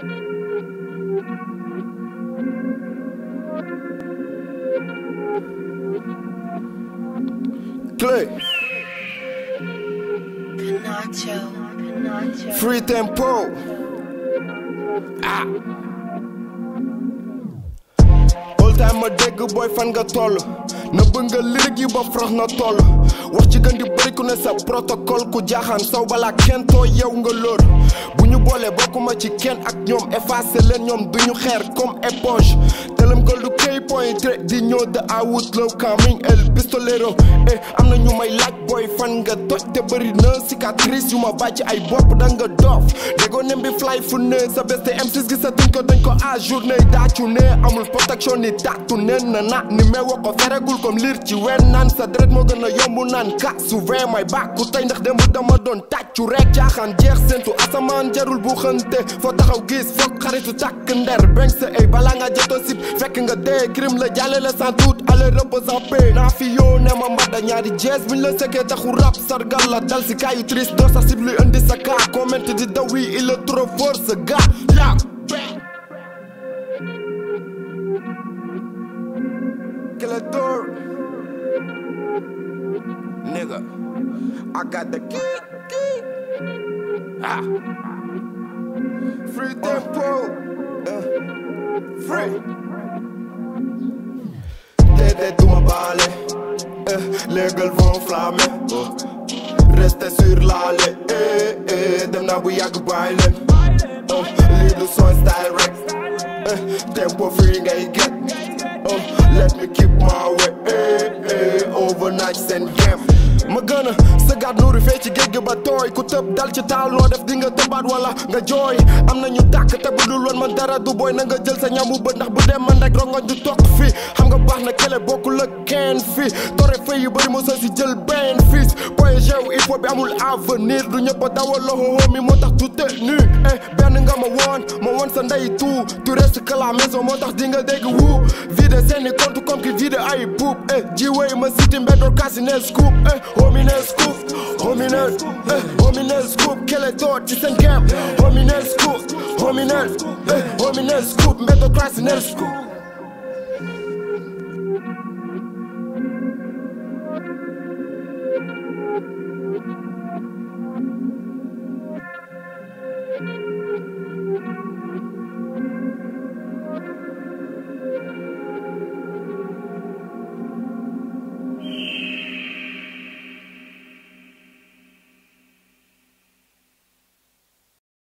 Click. Canacho. Free tempo. Ah. Old time a good boy fan got taller. na bënga lirig yi ba farax na toll wax ci gën di bëri ku ne sa protocole ku jaaxaan saw balaa kenn too yow nga lóor bu ñu boolee bokkuma ci kenn ak ñoom effacé leen ñoom duñu xeer comme éponge telem ko lu kay di ñëw de à wood low coming el pistolero eh am na ñu may laaj fan nga toj te bëri na yu ma bàcc ay bopp da nga dof déggoo nem bi fly fu ne sa beste M6 gisatuñ ko dañ a à journée daacu ne amul protection ni taatu nen na naat ni meewa ko feregul comme liir ci wen naan sa deret moo gën a yombu naan ka souvin may bàkku tey ndax démb dama doon tàccu rek caaxaan jeex sentu asamaan jarul bu xënte foo taxaw gis foog xaritu tàkk nder benk sa ay balaa nga joto sib fekk nga dee crime la jàlle la sans doute sargal la dal si sa sa di il est trop fort ce gars la Nigga, I got the key, key. Ah. Free tempo. Uh. Free. Déedéet duma baale les gueules vont flammer restez sur l'allée eh, eh, dem naa bu yàgg bàyyi leen eh, lii du son style rek tempo free ngay get oh, let me keep my way cat nuuri fee ci géej gi ba tooy ku tëb dal ci taal noo def di nga tëmbaat nga jooy am na ñu tàkk te bu dul woon man dara du booy na nga jël sa ñamu bët ndax bu dem man rek rongoñ du toog fi xam nga baax na kele bokkul ak kenn fi tore fay yu bëri mo sa si jël benn fils projet wu il faut bi amul avenir du ñëpp a dawal loxo mi moo tax du tenu eh benn nga ma woon ma woon sa ndey tu restes que la maison moo tax di nga dégg wu vide seeni compte I poop, eh. G-Way must sit in bed or casting a scoop, eh. Homie, no scoop, homie, no, eh. Homie, no scoop, kill a thought, just in camp. Homie, no scoop, homie, no, eh. Homie, no scoop, metal casting a scoop.